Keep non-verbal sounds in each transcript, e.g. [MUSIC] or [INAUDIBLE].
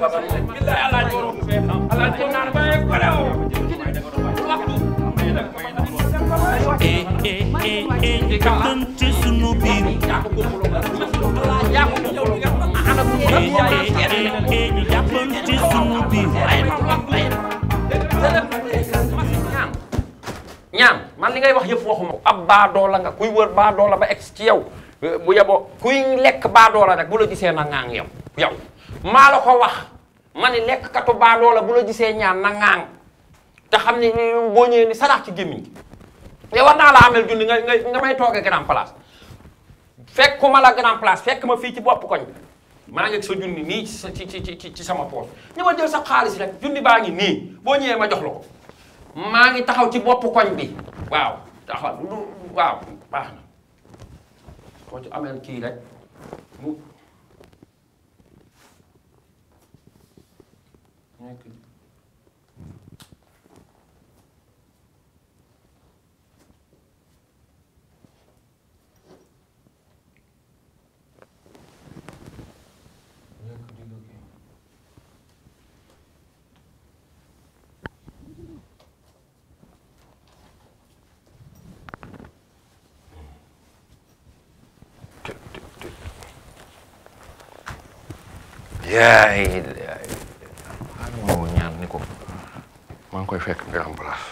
billahi alaaji waroon fee xam alaaji naan wax yëpp waxuma ko ab baadoola nga kuy wër baadoola ba egg ci yow bu yeboo kuy lekk baadoola rek bu la gisee na ngaang yow yow maa la ko wax ma ni lekk katu baadoo la bu la gisee ñaan na ŋaang te xam ne boo ñëwee ni sarax ci gémmiñ te war naa la amel junni nga nga nga may toogee grand place fekk ma la grand place fekk ma fii ci bopp koñ bi maa ngi sa junni nii ci sa ci ci ci sama poos ñu ma jël sa xaalis rek junni baa ngi nii boo ñëwee ma jox la maa ngi taxaw ci bopp koñ bi waaw taxaw lu waaw baax na koo ci amel kii rek mu inconnu. يا عيد koy fekk nga place.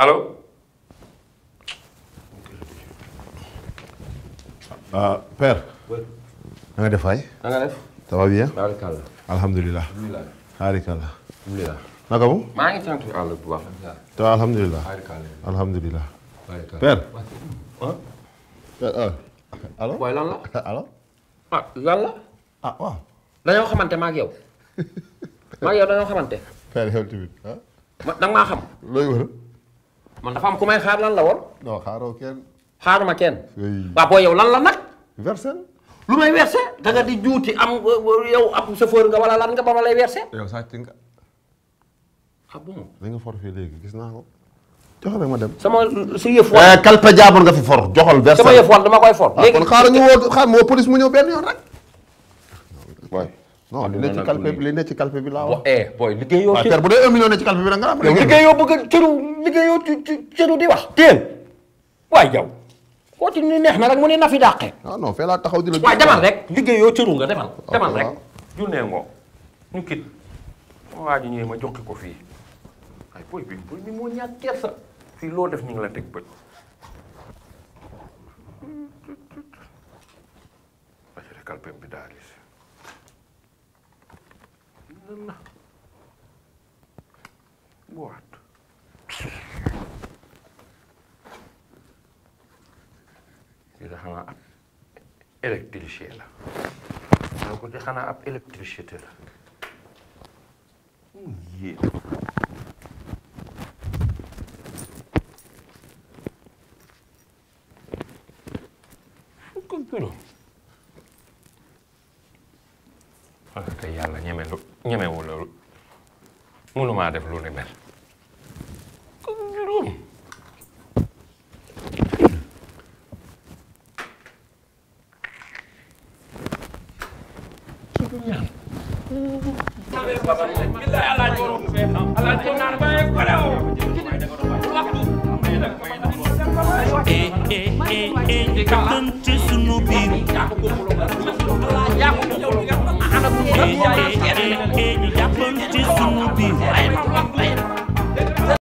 allo. ah père. na nga bien. alhamdulilah. alhamdulilah. naka mu. maa ngi sant yàlla bu baax. ah la. ah waaw. dañoo xamante ma ak yow [LAUGHS] ma ak yow dañoo xamante. père ah. da nga maa xam. looy wër. man dafa am ku may xaar lan la woon. non xaaroo kenn. xaaruma kenn. waaw boo yow lan la nag. versé lu may versé da nga di juuti am yow ab chauffeur nga wala lan nga ba ma lay versé. yow sàcc nga. ah bon. da nga forfait léegi gis naa ko. joxal rek ma dem sama si yëf war eh, kalpe jaabur nga fi for joxal verse sama yëf war dama koy for ah, kon xaaral ñu woo xaar moo police mu ñëw benn yoon rek li ne ci kalpe bi li laa wax eh booy liggéeyoo ci yoo dee un million cëru di wax téen waay yow koo ci ni neex na rek mu ne na fi dàqe ah non fee laa taxaw di la waay demal rek liggéeyoo cëru nga demal ah, demal rek junnee ngoo ñu kit ma waa ji ñëwee ma joxi ko fii ay booy fii loo def ñu ngi la teg bët acere kalpem bi daa gis lan la bowaat di da xanaa ab électricien la doo ko di xanaa ab électricité la loolu ah, wala tey yàlla ñeme lu ñemewu loolu mënumaa def lu ni mel ko juróom ci du ñaan billahi alaaj borom alaaj ko naan baye ko daw waxtu eh eh eh eh yaa ko góorgóorlu